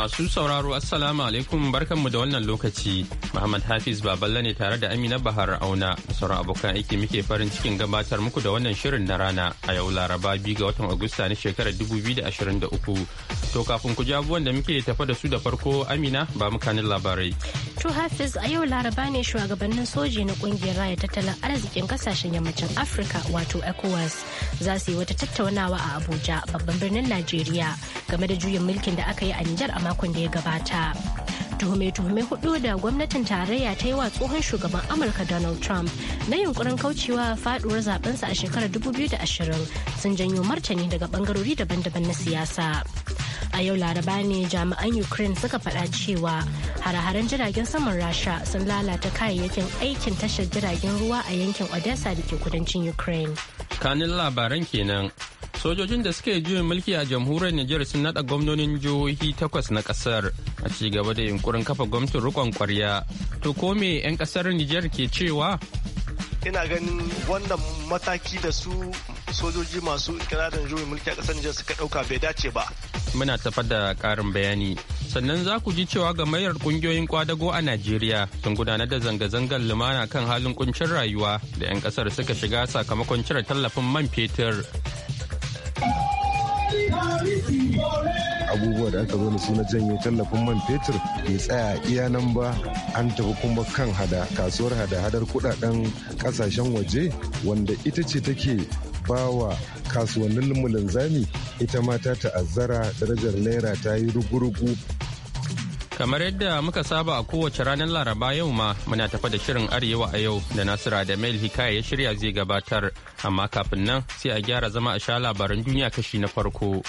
Masu sauraro Assalamu alaikum barkanmu da wannan lokaci. Muhammad Hafiz Baballe ne tare da Amina Bahar Auna da abokan aiki muke farin cikin gabatar muku da wannan shirin na rana a yau Laraba biyu ga watan Agusta na shekarar 2023. To kafin ku ji wanda da muke tafa da su da farko Amina ba mukanin labarai. To Hafiz a yau Laraba ne shugabannin soji na kungiyar raya tattalin arzikin kasashen yammacin Afirka wato ECOWAS za su yi wata tattaunawa a Abuja babban birnin Najeriya game da juyin mulkin da aka yi a Nijar a makon da ya gabata. tuhume-tuhume hudu da gwamnatin tarayya ta yi wa tsohon shugaban amurka donald trump na yunkurin kaucewa faduwar zabensa a shekarar 2020 sun janyo martani daga bangarori daban-daban na siyasa a yau laraba ne jami'an ukraine suka faɗa cewa hare-haren jiragen saman rasha sun lalata kayayyakin aikin tashar jiragen ruwa a yankin odessa da ke kudancin ukraine kanin labaran kenan sojojin da suka yi juyin mulki a jamhuriyar Nijar sun nada gwamnonin jihohi takwas na kasar a ci da yunkurin kafa gwamnatin rikon kwarya to ko me 'yan kasar Nijar ke cewa ina ganin wannan mataki da su sojoji masu ikirarin juyin mulki a kasar Nijar suka dauka bai dace ba muna tafa da karin bayani sannan za ku ji cewa gamayyar kungiyoyin kwadago a Najeriya sun gudanar da zanga-zangar lumana kan halin kuncin rayuwa da 'yan kasar suka shiga sakamakon cire tallafin man fetur abubuwa da aka zo da su na janye tallafin man fetur bai tsaya iya nan ba an tafi kuma kan hada kasuwar hada-hadar kudaden kasashen waje wanda ita ce take bawa kasuwannin linzami ita mata ta'azzara darajar naira ta yi rugu Kamar yadda muka saba a kowace ranar Laraba yau ma muna tafa da shirin Arewa a yau da Nasira da Mail Hikaya ya shirya zai gabatar, amma kafin nan sai a gyara zama a sha labaran duniya kashi na farko.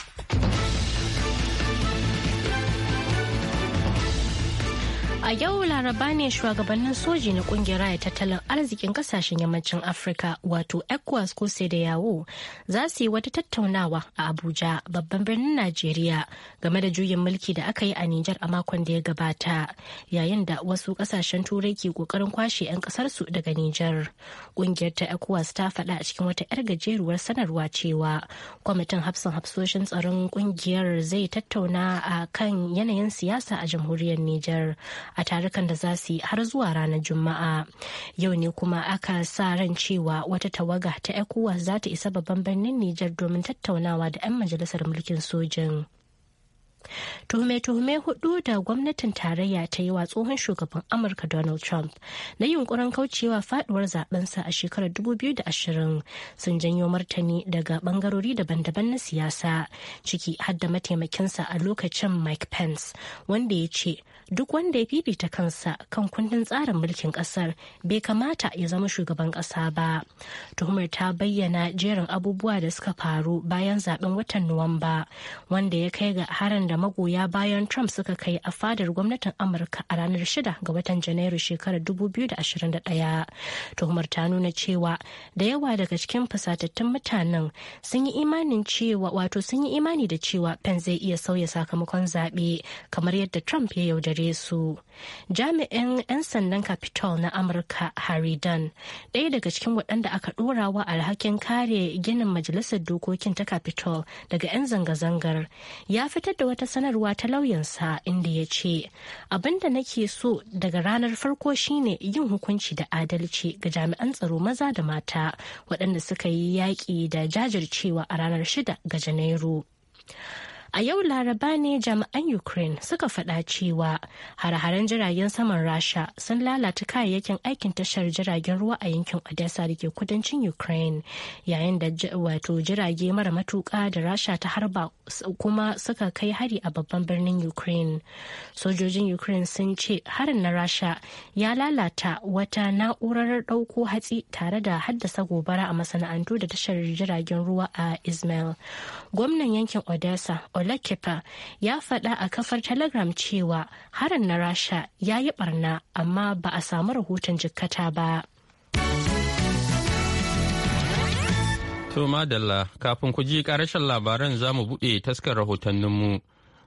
A yau laraba ne shugabannin soji na kungiyar raya tattalin arzikin kasashen yammacin Afirka wato ECOWAS ko sai da yawo za su yi wata tattaunawa a Abuja babban birnin Najeriya game da juyin mulki da aka yi a Nijar a makon da ya gabata yayin da wasu kasashen turai ke kokarin kwashe 'yan kasarsu daga Nijar. Kungiyar ta ECOWAS ta faɗa a cikin wata 'yar gajeruwar sanarwa cewa kwamitin hafsan hafsoshin tsaron kungiyar zai tattauna a kan yanayin siyasa a jamhuriyar Nijar. a tarukan da za su yi har zuwa ranar juma'a yau ne kuma aka sa ran cewa wata tawaga ta ecowas za ta isa babban birnin nijar domin tattaunawa da 'yan majalisar mulkin sojin. tuhume-tuhume hudu da gwamnatin tarayya ta yi wa tsohon shugaban amurka donald trump na yunkurin kaucewa faduwar zabensa a shekarar 2020 sun janyo martani daga bangarori daban-daban na siyasa ciki har da mataimakinsa a lokacin mike pence wanda ya ce duk wanda ya fifita kansa kan kundin tsarin mulkin kasar bai kamata ya zama shugaban kasa ba tuhumar ta bayyana jerin abubuwa da suka faru bayan zaben watan nuwamba wanda ya kai ga harin da magoya bayan Trump suka kai a fadar gwamnatin Amurka a ranar 6 ga watan Janairu shekarar 2021. Tuhumar ta nuna cewa da yawa daga cikin fasatattun mutanen sun yi imanin cewa wato sun yi imani da cewa pen zai iya sauya sakamakon zaɓe kamar yadda Trump ya yaudare su. Jami'in 'yan sandan Capitol na Amurka Harry Dunn, ɗaya daga cikin waɗanda aka ɗorawa alhakin kare ginin majalisar dokokin ta Capitol daga 'yan zanga-zangar, ya fitar da wata wata sanarwa ta lauyansa inda ya ce abin da nake so daga ranar farko shine yin hukunci da adalci ga jami'an tsaro maza da mata waɗanda suka yi yaƙi da jajircewa a ranar 6 ga janairu. A yau Laraba ne jami'an Ukraine suka faɗa cewa hare-haren jiragen saman Rasha sun lalata kayayyakin aikin tashar jiragen ruwa a yankin Odessa da ke kudancin Ukraine yayin da wato jirage mara matuƙa da Rasha ta harba kuma suka kai hari a babban birnin Ukraine. Sojojin Ukraine sun ce harin na Rasha ya lalata wata na'urar ɗauko hatsi tare da haddasa gobara a masana'antu da tashar jiragen ruwa a Ismail. Gwamnan yankin Odessa Olatifa ya faɗa a kafar Telegram cewa harin na Rasha ya yi barna amma ba a samu rahoton jikkata ba. To madalla kafin ku ji karashen labaran za mu buɗe taskar rahotanninmu.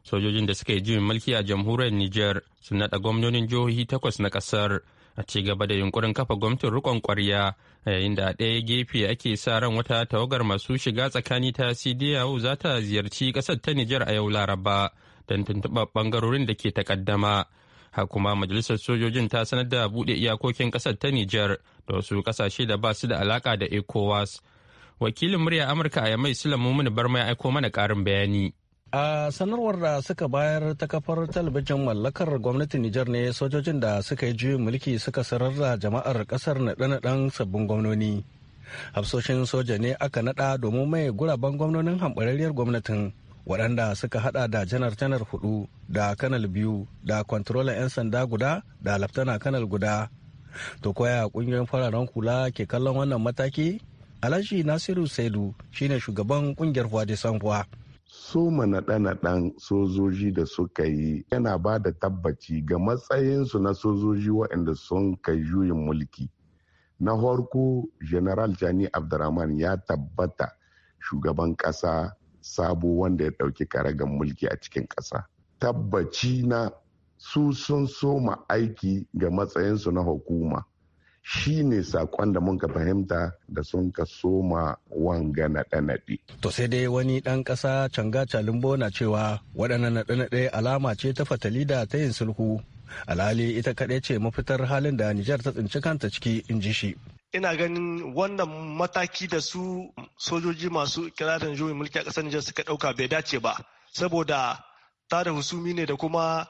Sojojin da suka yi jin mulki a jamhuriyar Nijar sun naɗa gwamnonin jihohi takwas na ƙasar a ci gaba da yunkurin kafa gwamnatin rikon kwarya yayin da ɗaya gefe ake sa ran wata tawagar masu shiga tsakani ta cdao za ta ziyarci ƙasar ta nijar a yau laraba don tuntuɓa ɓangarorin da ke takaddama kuma majalisar sojojin ta sanar da buɗe iyakokin ƙasar ta nijar da wasu ƙasashe da ba su da alaƙa da ecowas wakilin murya amurka a yamai sulamumin barma ya aiko mana ƙarin bayani a sanarwar da suka bayar ta kafar talabijin mallakar gwamnatin nijar ne sojojin da suka yi juyin mulki suka sarar da jama'ar kasar naɗe-naɗen sabbin gwamnoni hafsoshin soja ne aka naɗa domin mai guraben gwamnonin hambarariyar gwamnatin waɗanda suka haɗa da janar-janar hudu da kanal biyu da kwantarola 'yan sanda guda da laftana kanal guda to koya ƙungiyoyin fararen kula ke kallon wannan mataki alhaji nasiru saidu shine shugaban ƙungiyar fuwa soma naɗe-naɗen sojoji da suka yi yana ba da tabbaci ga matsayinsu na sojoji waɗanda sun kai juyin mulki na farko general jani abdurrahman ya tabbata shugaban ƙasa sabo wanda ya ɗauki karagan mulki a cikin ƙasa tabbaci na su sun soma aiki ga matsayinsu na hukuma shi ne sakon da mun ka fahimta da sun ka soma wanga na naɗe To sai dai wani ɗan ƙasa canga calimbo na cewa waɗannan naɗe-naɗe alama ce ta fatali da ta yin sulhu. Alhali ita kaɗai ce mafitar halin da Nijar ta tsinci kanta ciki in ji shi. ina ganin wannan mataki da su sojoji masu kirarin juyin mulki a ƙasar Nijar suka ɗauka bai dace ba saboda ta da husumi ne da kuma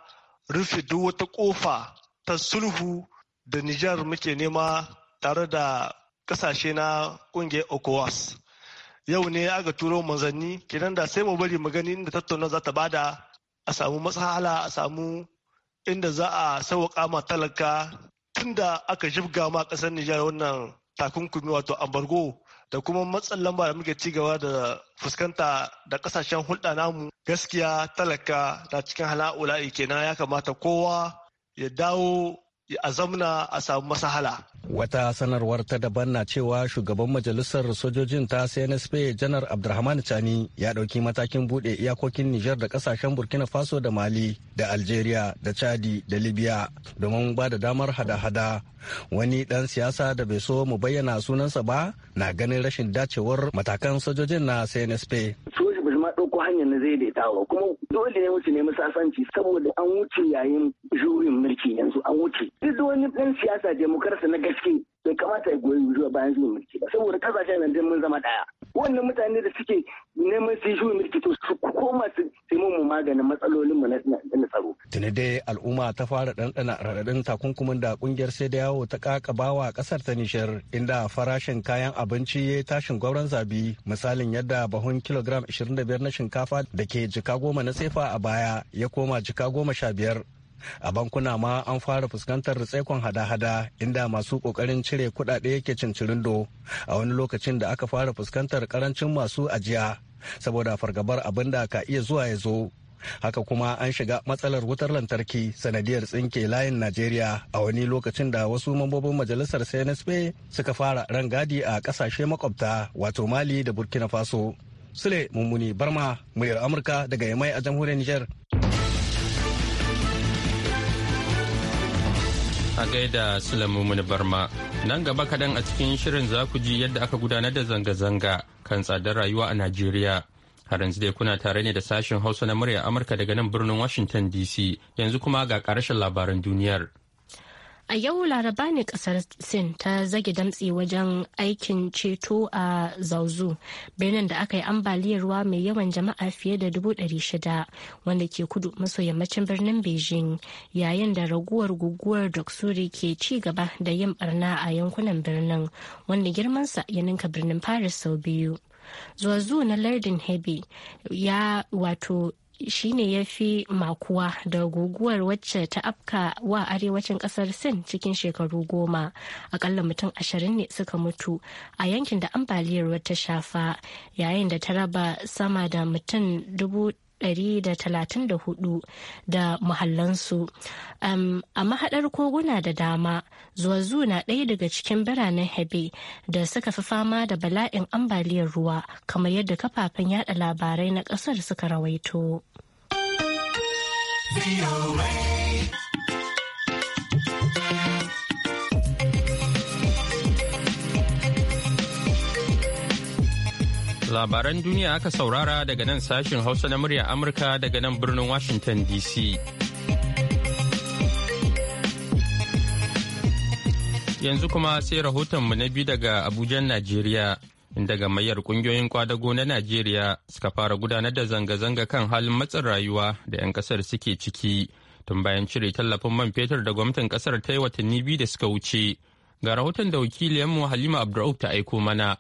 rufe duk wata ƙofa ta sulhu da Nijar muke nema tare da kasashe na kungiyar ECOWAS. Yau ne aka turo manzanni kenan da sai mu bari mu gani inda tattauna za ta bada a samu matsala a samu inda za a sauƙa ma talaka tunda aka jibga ma ƙasar Nijar wannan takunkumi wato ambargo da kuma matsin lamba da muke ci gaba da fuskanta da kasashen hulɗa namu gaskiya talaka na cikin hala'ula'i kenan ya kamata kowa ya dawo a zamna a samu masahala. Wata sanarwar ta daban na cewa shugaban majalisar sojojin ta CNSP janar Abdurrahman Chani ya ɗauki matakin buɗe iyakokin Nijar da ƙasashen Burkina Faso da Mali da Algeria da Chadi da Libya domin ba da damar hada-hada. Wani ɗan siyasa da bai so mu bayyana sunansa ba na ganin rashin dacewar matakan sojojin na CNSP. ma ɗauko hanyar na daidaitawa kuma dole ne musu nemi sasanci saboda an wuce yayin juyin mulki yanzu an wuce duk wani ɗan siyasa demokarsa na gaske bai kamata ya goyi zuwa bayan zuwa mulki ba saboda kasashen yanzu mun zama daya wannan mutane da suke neman su yi zuwa mulki to su koma su taimu mu maganin matsalolin mu na tsaro. tuni dai al'umma ta fara ɗanɗana raɗaɗin takunkumin da ƙungiyar sai da yawo ta kakabawa ƙasar ta nishar inda farashin kayan abinci ya tashin gwauron zabi misalin yadda bahun kilogram 25 na shinkafa da ke jika goma na sefa a baya ya koma jika goma sha biyar a bankuna ma an fara fuskantar tsaikon hada-hada inda masu kokarin cire kudade yake cincirindo a wani lokacin da aka fara fuskantar karancin masu ajiya saboda fargabar abin da ka iya zuwa ya zo haka kuma an shiga matsalar wutar lantarki sanadiyar tsinke layin najeriya a wani lokacin da wasu mambobin majalisar cnsp suka fara rangadi a kasashe makwabta wato mali da burkina faso sule mummuni barma muryar amurka daga yamai a jamhuriyar niger a gaida muni Barma. Nan gaba kadan a cikin shirin za ku ji yadda aka gudanar da zanga-zanga kan tsadar rayuwa a Najeriya. Har yanzu dai kuna tare ne da sashen Hausa na murya Amurka daga nan birnin Washington DC. Yanzu kuma ga ƙarshen labaran duniyar. A yau laraba ne kasar Sin ta zage damtsi wajen aikin ceto a Zauzu, birnin da aka yi ambaliyar ruwa mai yawan jama'a fiye da 600 wanda ke kudu maso yammacin birnin Beijing yayin da raguwar guguwar Doksuri ke ci gaba da yin barna a yankunan birnin wanda girmansa ya ninka birnin Paris sau biyu. zuwa zuwa na lardin hebi ya wato shine ya fi makuwa da guguwar wacce ta afka wa arewacin kasar sin cikin shekaru goma akalla mutum ashirin ne suka mutu a yankin da ambaliyar ta shafa yayin da ta raba sama da mutum dubu 134 da muhallansu. a mahaɗar koguna da dama, zuwazu na ɗaya daga cikin biranen Hebe da suka fi fama da bala'in ambaliyar ruwa kamar yadda kafafen yada labarai na ƙasar suka rawaito. Labaran duniya aka saurara daga nan sashin Hausa na murya Amurka daga nan birnin Washington DC. Yanzu kuma sai rahotonmu na biyu daga Abujan Najeriya, inda gamayyar kungiyoyin kwadago na Najeriya suka fara gudanar da zanga-zanga kan halin matsin rayuwa da 'yan kasar suke ciki, tun bayan cire tallafin man fetur da gwamnatin kasar ta yi watanni biyu da suka wuce. Ga rahoton da wakiliyanmu Halima Abdur'auf ta aiko mana.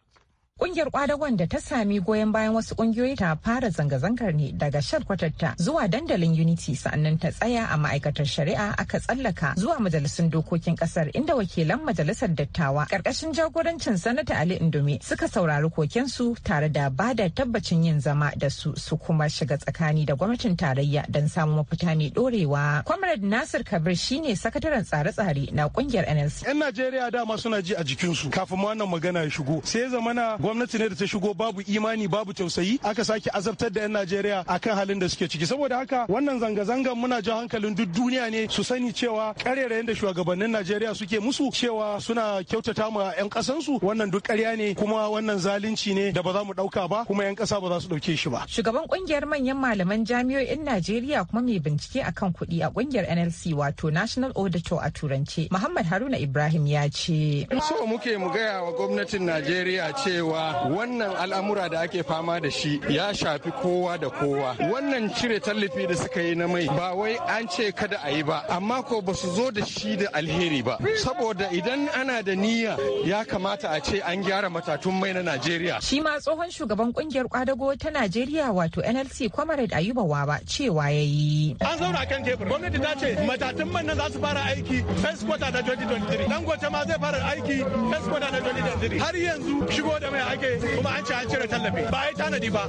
Kungiyar kwadagon da ta sami goyon bayan wasu kungiyoyi ta fara zanga-zangar ne daga shalkwatarta zuwa dandalin Unity sannan ta tsaya a ma'aikatar shari'a aka tsallaka zuwa majalisun dokokin kasar inda wakilan majalisar dattawa karkashin jagorancin sanata Ali Indomi suka saurari kokensu tare da ba da tabbacin yin zama da su su kuma shiga tsakani da gwamnatin tarayya don samun mafita mai dorewa. Comrade Nasir Kabir shine sakataren tsare-tsare na kungiyar NLC. 'Yan Najeriya dama suna ji a jikinsu kafin wannan magana ya shigo sai zamana gwamnati ne da ta shigo babu imani babu tausayi aka sake azabtar da 'yan najeriya akan halin da suke ciki saboda haka wannan zanga-zangan muna jan hankalin duk duniya ne su sani cewa karerayen da shugabannin najeriya suke musu cewa suna kyautata ma 'yan kasansu wannan duk karya ne kuma wannan zalunci ne da ba za mu ɗauka ba kuma 'yan ƙasa ba za su ɗauke shi ba shugaban kungiyar manyan malaman jami'o'in najeriya kuma mai bincike akan kuɗi a kungiyar nlc wato national auditor a turance muhammad haruna ibrahim ya ce so muke mu gaya wa gwamnatin najeriya cewa cewa wannan al'amura da ake fama da shi ya shafi kowa da kowa wannan cire tallafi da suka yi na mai ba wai an ce kada a yi ba amma ko ba su zo da shi da alheri ba saboda idan ana da niyya ya kamata a ce an gyara matatun mai na najeriya shi ma tsohon shugaban kungiyar kwadago ta najeriya wato nlc comrade ayuba waba cewa ya yi an zauna kan tebur gwamnati ta ce matatun man nan za su fara aiki first quarter na 2023 gwace ma zai fara aiki first quarter na 2023 har yanzu shigo da mai da ake kuma an ce an cire tallafi ba yi tanadi ba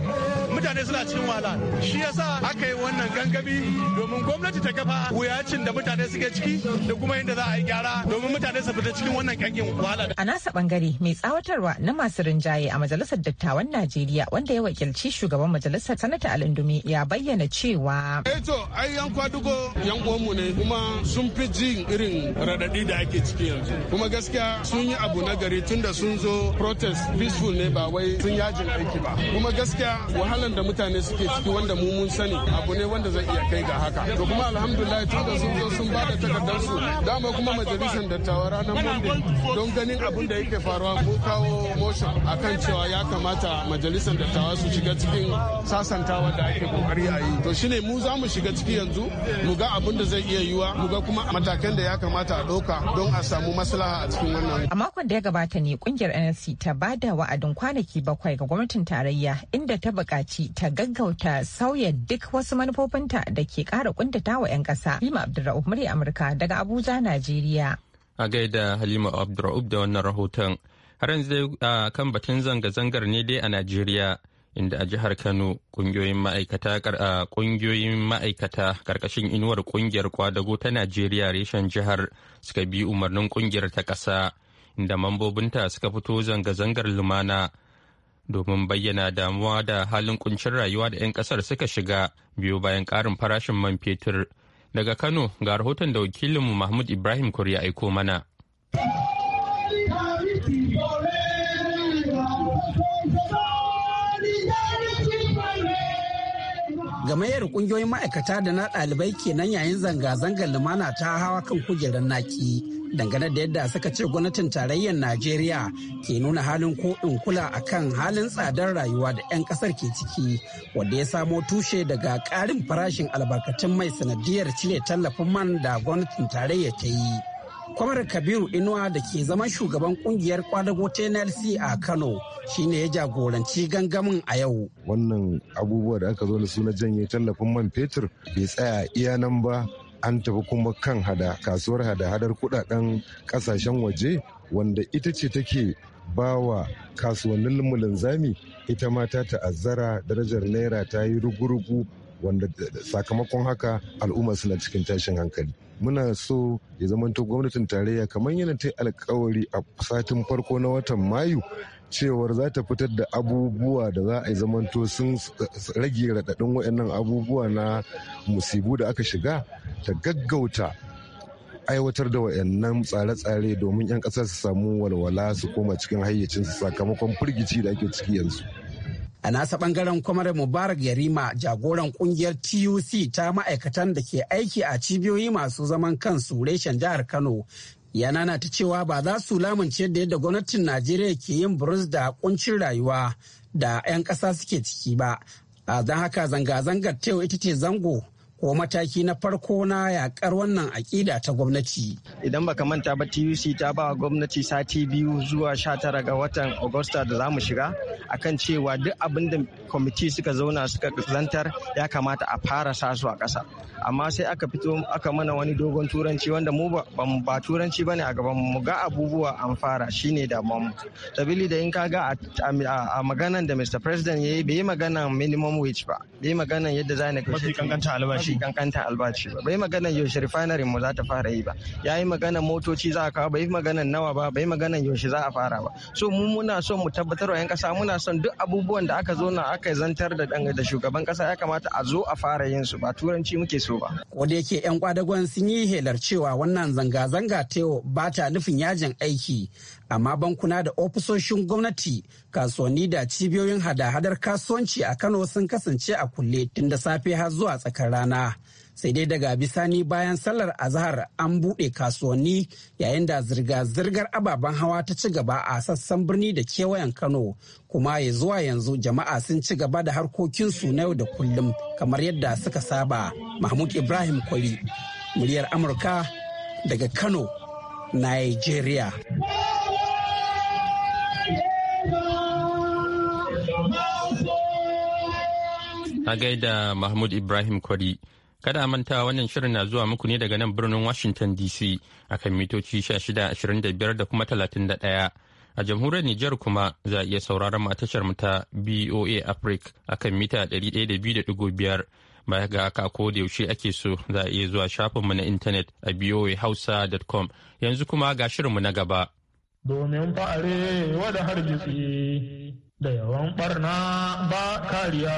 mutane suna cikin wahala shi yasa aka yi wannan gangami domin gwamnati ta kafa wuyacin da mutane suke ciki da kuma yadda za a yi gyara domin mutane su fita cikin wannan kankin wahala. A nasa bangare mai tsawatarwa na masu rinjaye a majalisar dattawan Najeriya wanda ya wakilci shugaban majalisar sanata Alindumi ya bayyana cewa. Eh to ai yan kwadugo yan uwanmu ne kuma sun fi jin irin radadi da ake ciki yanzu kuma gaskiya sun yi abu na gari tunda sun zo protest peaceful peaceful ne ba wai sun yajin aiki ba kuma gaskiya wahalan da mutane suke ciki wanda mu mun sani abu ne wanda zai iya kai ga haka to kuma alhamdulillah tun da sun zo sun ba takardar su dama kuma majalisar dattawa ranar monday don ganin abin da yake faruwa ko kawo motion akan cewa ya kamata majalisar dattawa su shiga cikin sasantawa da ake kokari a yi to shine mu za mu shiga ciki yanzu mu ga abin da zai iya yiwa mu ga kuma matakan da ya kamata a ɗauka don a samu maslaha a cikin wannan a makon da ya gabata ne kungiyar nsc ta bada wa'a wa'adin kwanaki bakwai ga gwamnatin tarayya inda ta bukaci ta gaggauta sauya duk wasu manufofinta da ke ƙara kundata wa 'yan ƙasa. Halima Abdulra'uf murya Amurka daga Abuja, Najeriya. A gaida Halima Abdulra'uf da wannan rahoton. Har yanzu dai kan batun zanga-zangar ne dai a Najeriya. inda a jihar Kano kungiyoyin ma'aikata kungiyoyin ma'aikata karkashin inuwar ƙungiyar kwadago ta Najeriya reshen jihar suka bi umarnin kungiyar ta ƙasa da mambobinta suka fito zanga-zangar lumana domin bayyana damuwa da halin kuncin rayuwa da 'yan kasar suka shiga biyu bayan karin farashin man fetur daga kano ga rahoton da wakilinmu mahmud ibrahim ya aiko mana gamayyar kungiyoyin ma'aikata da na ɗalibai kenan yayin zanga-zangar lumana ta hawa kan kujerar naki dangane da yadda suka ce gwamnatin tarayyar najeriya ke nuna halin ko in kula kan halin tsadar rayuwa da 'yan kasar ke ciki wanda ya samo tushe daga karin farashin albarkatun mai sanadiyar cire tallafin man da gwamnatin tarayyar ta yi kwamar kabiru inuwa da ke zama shugaban kungiyar kwadago ta nlc a kano shine ya jagoranci gangamin a yau wannan abubuwa da aka zo da su na janye tallafin man fetur bai tsaya iya nan ba an tafi kuma kan hada kasuwar hada-hadar kudaden kasashen waje wanda ita ce take bawa kasuwannin linzami ita ma ta ta'azzara darajar naira ta yi rugurugu rugu wanda sakamakon haka al'umma suna cikin tashin hankali muna so ya zamanto gwamnatin tarayya kamar yana ta alkawari a satin farko na watan mayu cewar za ta fitar da abubuwa da za a yi zamanto sun rage raɗaɗin waɗannan abubuwa na musibu da aka shiga ta gaggauta aiwatar da wayannan tsare-tsare domin 'yan ƙasa su samu walwala su koma cikin hayyacinsu sakamakon firgici da ake ciki yanzu. A nasa bangaren kwamar Mubarak Yarima jagoran kungiyar TUC ta ma'aikatan da ke aiki a cibiyoyi masu zaman kansu reshen jihar Kano ya ta cewa ba za su lamunce da yadda gwamnatin najeriya ke yin burus da kuncin rayuwa da 'yan ƙasa suke ciki ba a don haka zanga-zangar tewa ita ce zango ko mataki na farko na yakar wannan aƙida ta gwamnati. Idan baka manta ba TUC ta ba gwamnati sati biyu zuwa sha tara ga watan Agusta da za mu shiga akan cewa duk abin da kwamiti suka zauna suka zantar ya kamata a fara sasu a ƙasa. Amma sai aka fito aka mana wani dogon turanci wanda mu ba ba turanci bane a gaban mu ga abubuwa an fara shine da mu. Sabili da in ka ga a maganan da Mr President yayi bai yi maganan minimum wage ba. Bai yi maganan yadda za ne kashe. shi kankanta albashi ba bai maganan yaushe refinery mu za ta fara yi ba yayi yi maganan motoci za a kawo bai maganan nawa ba bai maganan yaushe za a fara ba so mu muna so mu tabbatar wa 'yan kasa muna son duk abubuwan da aka zo na aka zantar da da shugaban kasa ya kamata a zo a fara yin su ba turanci muke so ba wanda yake 'yan kwadagon sun yi helar cewa wannan zanga-zanga teo ba ta nufin yajin aiki amma bankuna da ofisoshin gwamnati kasuwanni da cibiyoyin hada-hadar kasuwanci a kano sun kasance a kulle tun da safe har zuwa tsakar rana sai dai daga bisani bayan sallar azahar an buɗe kasuwanni yayin da zirga-zirgar ababen hawa ta ci gaba a sassan birni da kewayen kano kuma ya zuwa yanzu jama'a sun ci gaba da harkokinsu na yau da kullum kamar yadda suka saba mahmud ibrahim kwari muryar amurka daga kano nigeria na gaida Mahmud Ibrahim Kwari. Kada a manta wannan shirin na zuwa muku ne daga nan birnin Washington DC a kan mitoci 1625 da kuma 31. A jamhuriyar Nijar kuma za a iya sauraron mu a tashar mu ta BOA Africa akan mita 102.5. Baya ga haka ko da yaushe ake so za a iya zuwa shafinmu na intanet a boahausa.com. Yanzu kuma ga shirinmu na gaba. Domin fa'are wada hargitsi da yawan barna ba kariya.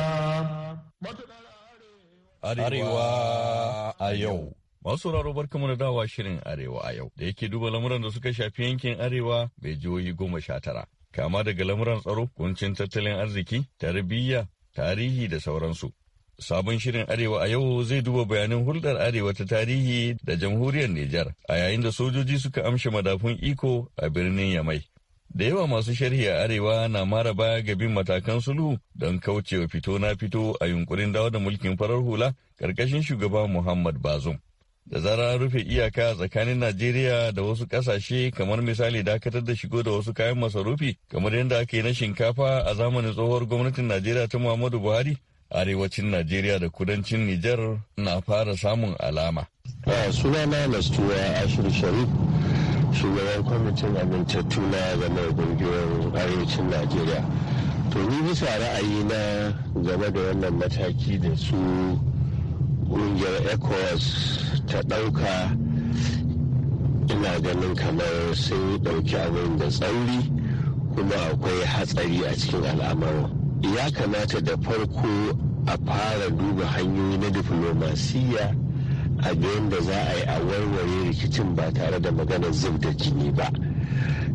Arewa a yau. Masu raro bar da dawa shirin Arewa a yau da yake duba lamuran da suka shafi yankin Arewa bai jihohi goma sha tara. Kama daga lamuran tsaro, kuncin tattalin arziki, tarbiyya, tarihi da sauransu. Sabon shirin Arewa a yau zai duba bayanan hulɗar Arewa ta tarihi da jamhuriyar Nijar a yayin da sojoji suka amshe madafun iko a birnin Yamai. Da yawa masu sharhi a Arewa na mara baya ga bin matakan sulhu don kaucewa fito na fito a yunkurin dawo da mulkin farar hula ƙarƙashin shugaba Muhammad Bazum. Da zarar rufe iyaka tsakanin Najeriya da wasu kasashe kamar misali dakatar da shigo da wasu kayan masarufi kamar yadda ake na shinkafa a zamanin tsohuwar gwamnatin Najeriya ta Muhammadu Buhari arewacin Najeriya da kudancin Nijar na fara samun alama. Sunana Nastuwa Ashir Sharif shugaban kwamitin amintattu na game da ƙungiyoyin arewacin najeriya to ni bisa ra'ayi na game da wannan mataki da su ƙungiyar ecowas ta ɗauka ina ganin kamar sun ɗauki abin da tsauri kuma akwai hatsari a cikin al'amarin ya kamata da farko a fara duba hanyoyi na diflomasiyya a da za a yi a warware rikicin ba tare da maganar zub da jini ba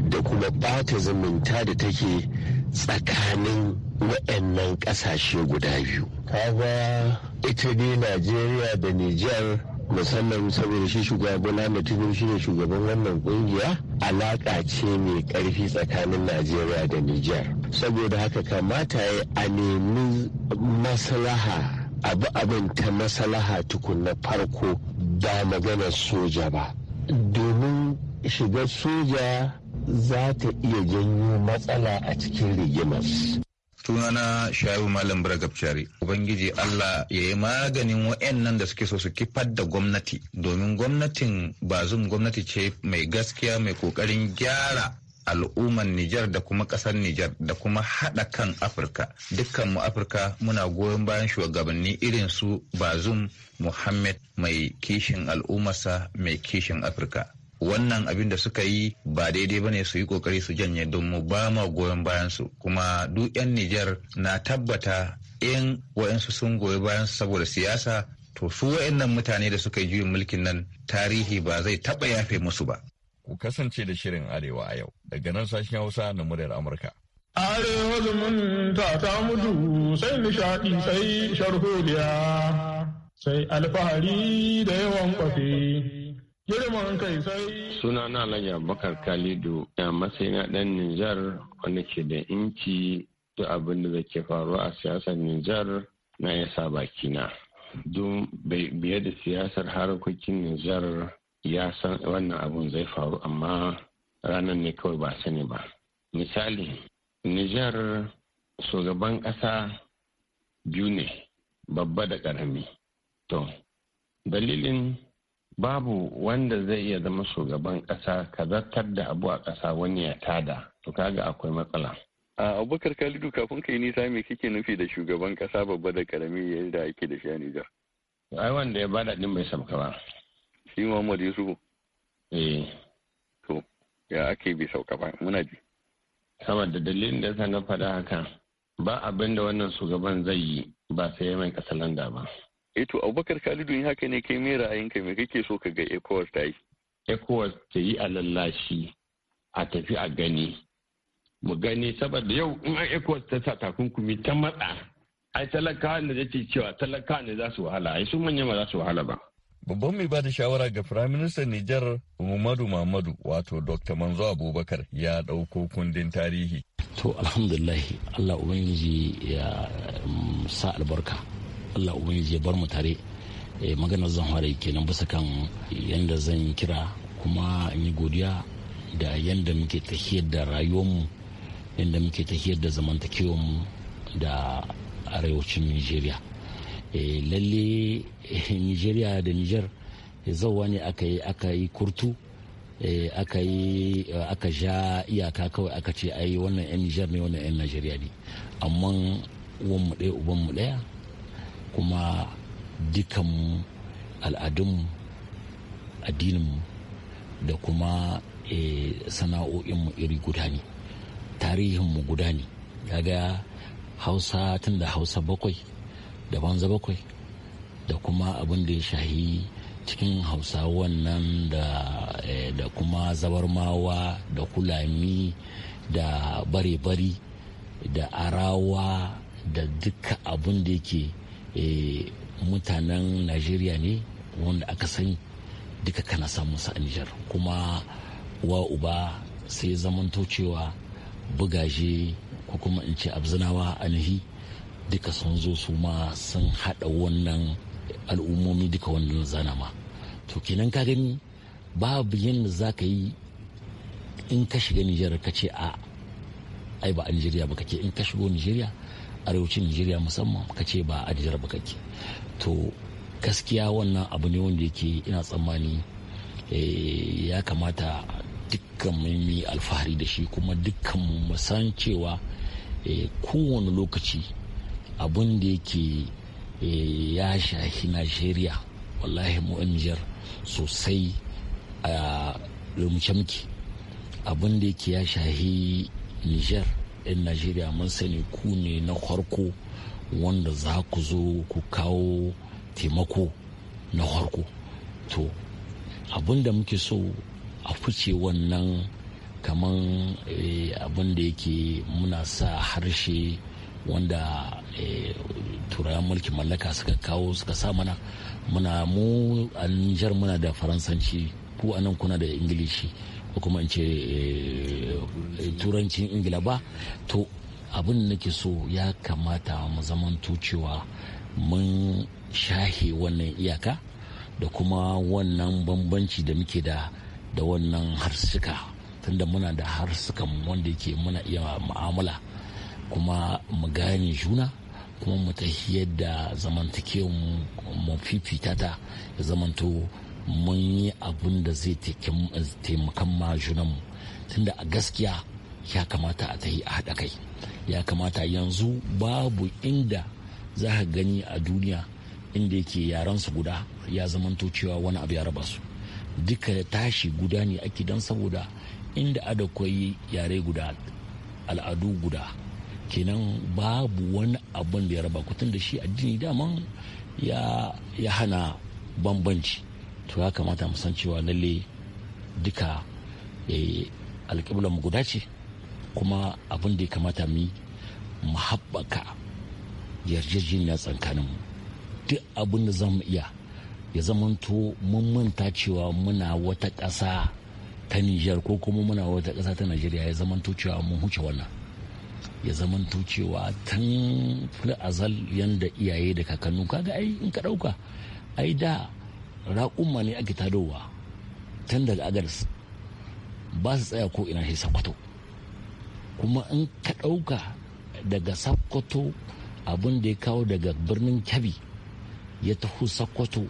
da kuma bata zumunta da take tsakanin waɗannan ƙasashe guda biyu kaga ita ne najeriya da nijar musamman saboda shi shugaban na tinubu shi ne shugaban wannan kungiya alaƙa ce mai ƙarfi tsakanin najeriya da nijar saboda haka kamata a nemi maslaha abu abin ta masalaha tukun na farko ba magana soja ba domin shiga soja za ta iya janyo matsala a cikin rigimas. tunana shayu malam baragabcari ubangiji allah ya yi maganin wa'annan da suke so su kifar da gwamnati domin gwamnatin bazum gwamnati ce mai gaskiya mai kokarin gyara al'umman Nijar da kuma ƙasar Nijar da kuma haɗa kan Afirka. Dukkan mu Afirka muna goyon bayan shugabanni irin su Bazum Muhammad mai kishin al'ummarsa mai kishin Afirka. wannan abin da suka yi ba daidai bane su yi kokari su janye don mu ba ma goyon bayansu kuma duk yan Nijar na tabbata in wa'yansu sun goyi bayan saboda siyasa to su wayannan mutane da suka yi juyin mulkin nan tarihi ba zai taɓa yafe musu ba Ku kasance da shirin Arewa a yau daga nan sashen Hausa na muryar Amurka. Arewa zumunta ta mutu sai nishaɗi sai sharholiya sai alfahari da yawan kwafe. Suna na Alhaji bakar Kalidu matsayi na ɗan Nijar wanda ke da inci duk abin da ke faruwa a siyasar Nijar na ya sa bakina. Don biye da siyasar harkokin Nijar ya san wannan abun zai faru amma ranar ne kawai ba sani ba misali nijar shugaban ƙasa biyu ne babba da ƙarami to dalilin babu wanda zai iya zama shugaban ƙasa ka zartar da abu a ƙasa wani ya tada to kaga akwai matsala a abubakar kalidu kafin ka yi nisa me kake nufi da shugaban ƙasa babba da ƙarami yadda ake da shi a nijar ai wanda ya bada din bai sabka ba shi Muhammad Yusufu eh to ya ake bi sauka ba muna ji saboda dalilin da yasa na faɗa haka ba abin da wannan shugaban zai yi ba sai ya mai kasalanda ba eh to Abubakar Khalidu in haka ne kai me ra'ayinka mai kake so ka ga ECOWAS ta yi ECOWAS ta yi a lallashi a tafi a gani mu gani saboda yau in an ECOWAS ta sa takunkumi ta matsa ai talakawa ne da ce cewa talakawa ne za su wahala ai su manya ba za su wahala ba Babban mai bada shawara ga Firaministan Nijar Muhammadu Muhammadu wato Dr. Manzo Abubakar ya ɗauko kundin tarihi. To alhamdulillah Allah Ubangiji ya mm, sa albarka. Allah Ubangiji ya bar mu tare. Eh, maganar zan fara kenan bisa kan yadda zan kira kuma in yi godiya da yadda muke tafiyar da rayuwarmu yadda muke tafiyar da mu, da arewacin Nigeria. Eh, lalle eh, nigeria da niger eh, zauwa ne aka yi kurtu aka yi aka ja iyaka kawai aka ce ai wannan 'yan niger ne wannan 'yan nigeria ne amma uwanmu ɗaya ubanmu ɗaya kuma dukan al'adunmu addininmu da kuma sana'o'inmu iri guda ne tarihinmu guda ne kaga hausa tun da hausa bakwai da banza bakwai da kuma abin da ya shahi cikin hausa wannan eh, da kuma zabarmawa da kulami da bare-bari da arawa da duka abin da yake eh, mutanen najeriya ne wanda aka sani duka kana samun sa a nijar kuma wa uba sai zamanto cewa bugaje ko kuma in ce abzinawa anihi duka sun zo su ma sun haɗa wannan al'ummomi duka wannan zana ma to kenan ka gani babu yadda za ka yi in ka shiga nijar ka ce a ai ba a Nijeriya ba kake in ka shigo Nijeriya arewacin Nijeriya musamman ka ce ba a nijar ba kake to gaskiya wannan abu ne wanda yake ina tsammani eh, ya kamata dukkan yi alfahari da shi kuma dukkan mu san cewa eh, kowane lokaci abun da yake eh, ya shahi najeriya wallahi mu nijar sosai a rumce muke abun da yake ya shahi nijar yan najeriya mun sani ku ne na farko wanda za ku zo ku kawo taimako na farko to abun da muke so a fice wannan kaman eh, abun da yake muna sa harshe wanda turayen mulkin mallaka suka kawo suka sa mana muna mu a nijar muna da faransanci ku a nan kuna da ingilishi ko kuma in ce eh, turancin ingila ba to abin da nake so ya kamata mu zamanto cewa mun shahe wannan iyaka da kuma wannan bambanci da muke da da wannan harsuka tunda muna da harsukan wanda yake muna iya mu'amala kuma mu gane juna kuma mu tahiyar da zamantakewar mu fifita ta ya zamanto mun yi abun da zai taimakan ma junanmu tunda a gaskiya ya kamata a tahi a haɗa kai ya kamata yanzu babu inda za ka gani a duniya inda yake yaran su guda ya zamanto cewa wani abu ya raba su duka tashi guda ne ake don saboda inda ada yare guda al'adu guda kenan babu wani abin da ya raba kutun da shi addini dama ya hana bambanci to ya kamata mu san cewa lalle duka eh, mu guda ce kuma abin da ya kamata mu mu haɓaka yarjejeniya tsakaninmu duk abin da zamu iya ya zamanto mun manta cewa muna wata ƙasa ta Nijar ko kuma muna wata ƙasa ta Najeriya ya zamanto cewa mun huce wannan ya zamanto cewa tun fil azal yanda iyaye da kakannu kaga ai in ka dauka? ai da raƙumma ne ake tadowa tun daga agaris ba su tsaya ko ina shi sakwato kuma in ka dauka daga sakwato abin da ya kawo daga birnin kyabi ya taho sakwato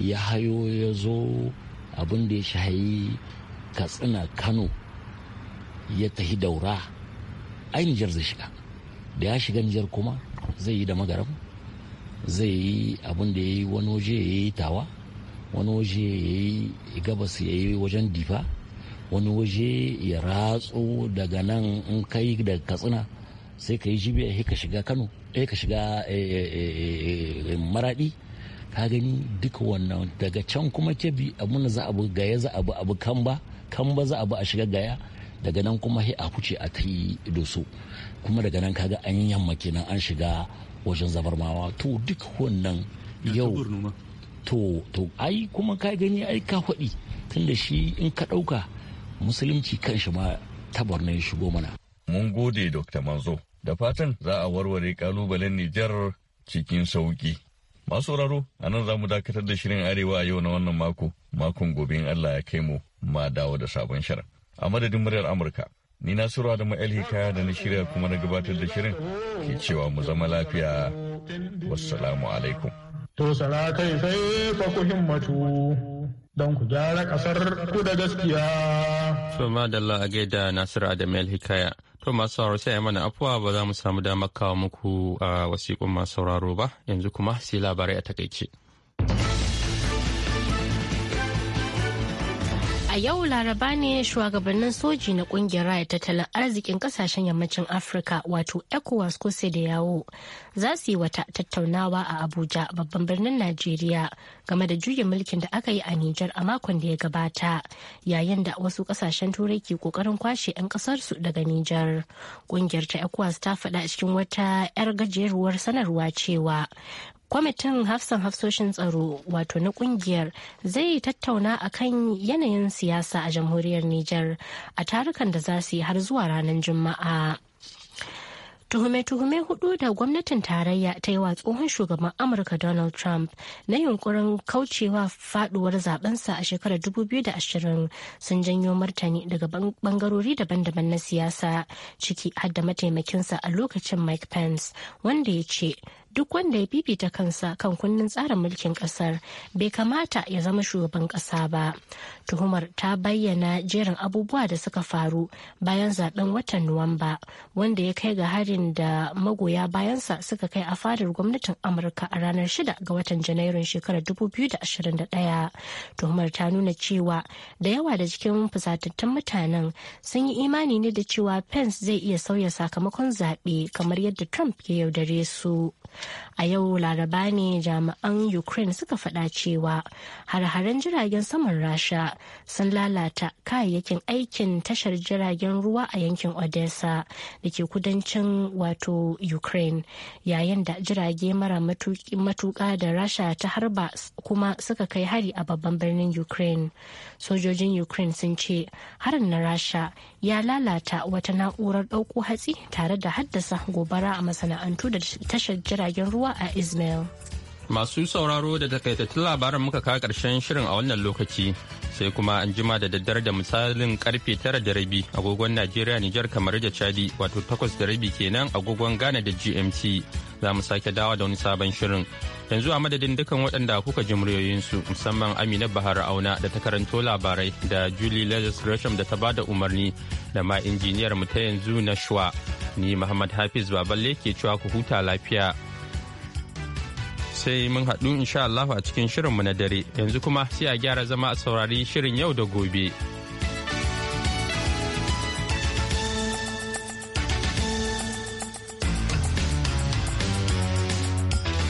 ya hayo ya zo abin da ya shahayi katsina kano ya tahi daura ai Nijar zai shiga da ya shiga Nijar kuma zai yi da magaram zai yi abin da ya yi wani waje ya yi tawa wani waje ya yi gabas ya yi wajen difa wani waje ya ratsu daga nan in kai da katsina sai ka yi jibi ka shiga kano ya eh, ka shiga eh, eh, maradi ka gani duka wannan daga can kuma kebi abin za a gaya za a bi abu kamba ba za a bi a shiga gaya daga nan kuma a kuce a ta yi doso kuma daga nan kaga an yi yamma nan an shiga wajen zabarmawa to duk wannan yau to ai kuma ka gani ai ka faɗi da shi in ka ɗauka musulunci kan shi ma tabar ya shigo mana mun gode dr manzo da fatan za a warware kalubalen nijar cikin sauki masu raro a nan za mu dakatar da shirin arewa a yau na wannan mako makon gobe in allah ya kai mu ma dawo da sabon shirin a madadin muryar amurka ni na sura da ma'il hikaya da na shirya kuma na gabatar da shirin ke cewa mu zama lafiya wassalamu alaikum to sara sai fa ku himmatu don ku gyara kasar ku da gaskiya to madalla a gaida nasiru adamu hikaya to masu sauraro sai mana afuwa ba za mu samu damar kawo muku a ah, wasiƙun masu sauraro ba yanzu kuma sai labarai a takaice. yau laraba ne shugabannin soji na kungiyar raya tattalin arzikin kasashen yammacin afirka wato ecowas ko da yawo za su yi wata tattaunawa a abuja babban birnin najeriya game da juyin mulkin da aka yi a nijar a makon da ya gabata yayin da wasu kasashen turai ke kokarin kwashe 'yan kasarsu daga nijar kungiyar ta ecowas ta faɗa cikin wata 'yar gajeruwar sanarwa cewa kwamitin hafsan hafsoshin tsaro wato na kungiyar zai tattauna akan yanayin siyasa a jamhuriyar niger a tarukan da za su yi har zuwa ranar juma'a tuhume-tuhume hudu da gwamnatin tarayya ta yi wa tsohon shugaban amurka donald trump na yunkurin kaucewa faduwar zabensa a shekarar 2020 sun janyo martani daga bangarori daban-daban na siyasa ciki har da mataimakinsa a lokacin mike pence wanda ya ce duk wanda ya fifita kansa kan kundin tsarin mulkin kasar bai kamata ya zama shugaban kasa ba tuhumar ta bayyana jerin abubuwa da suka faru bayan zaben watan nuwamba wanda ya kai ga harin da magoya bayansa suka kai a fadar gwamnatin amurka a ranar 6 ga watan janairun shekarar 2021 tuhumar ta nuna cewa da yawa da cikin fusatattun mutanen sun yi imani ne da cewa pence zai iya sauya sakamakon zaɓe kamar yadda trump ya yaudare su A yau laraba ne jami'an Ukraine suka faɗa cewa har-haren jiragen saman Rasha sun lalata kayayyakin aikin tashar jiragen ruwa a yankin Odessa da ke kudancin wato Ukraine yayin da jirage mara matuƙa da Rasha ta harba kuma suka kai hari a babban birnin Ukraine. Sojojin Ukraine sun ce harin na Rasha ya lalata wata na'urar ɗauko hatsi tare da haddasa gobara a masana'antu da tashar jiragen jiragen ruwa a Ismail. Masu sauraro da takaitattun labaran muka kawo ƙarshen shirin a wannan lokaci sai kuma an jima da daddare da misalin karfe tara da rabi agogon Najeriya Nijar kamar da Chadi wato takwas da rabi kenan agogon Ghana da GMT za mu sake dawa da wani sabon shirin. Yanzu a madadin dukan waɗanda kuka ji muryoyinsu musamman Amina Bahar Auna da ta karanto labarai da Julie Lazarus Gresham da ta ba da umarni da ma injiniyar mu ta yanzu na Shwa. Ni Muhammad Hafiz Baballe ke cewa ku huta lafiya. sai mun haɗu insha Allah a cikin shirinmu na dare yanzu kuma sai a gyara zama a saurari shirin yau da gobe.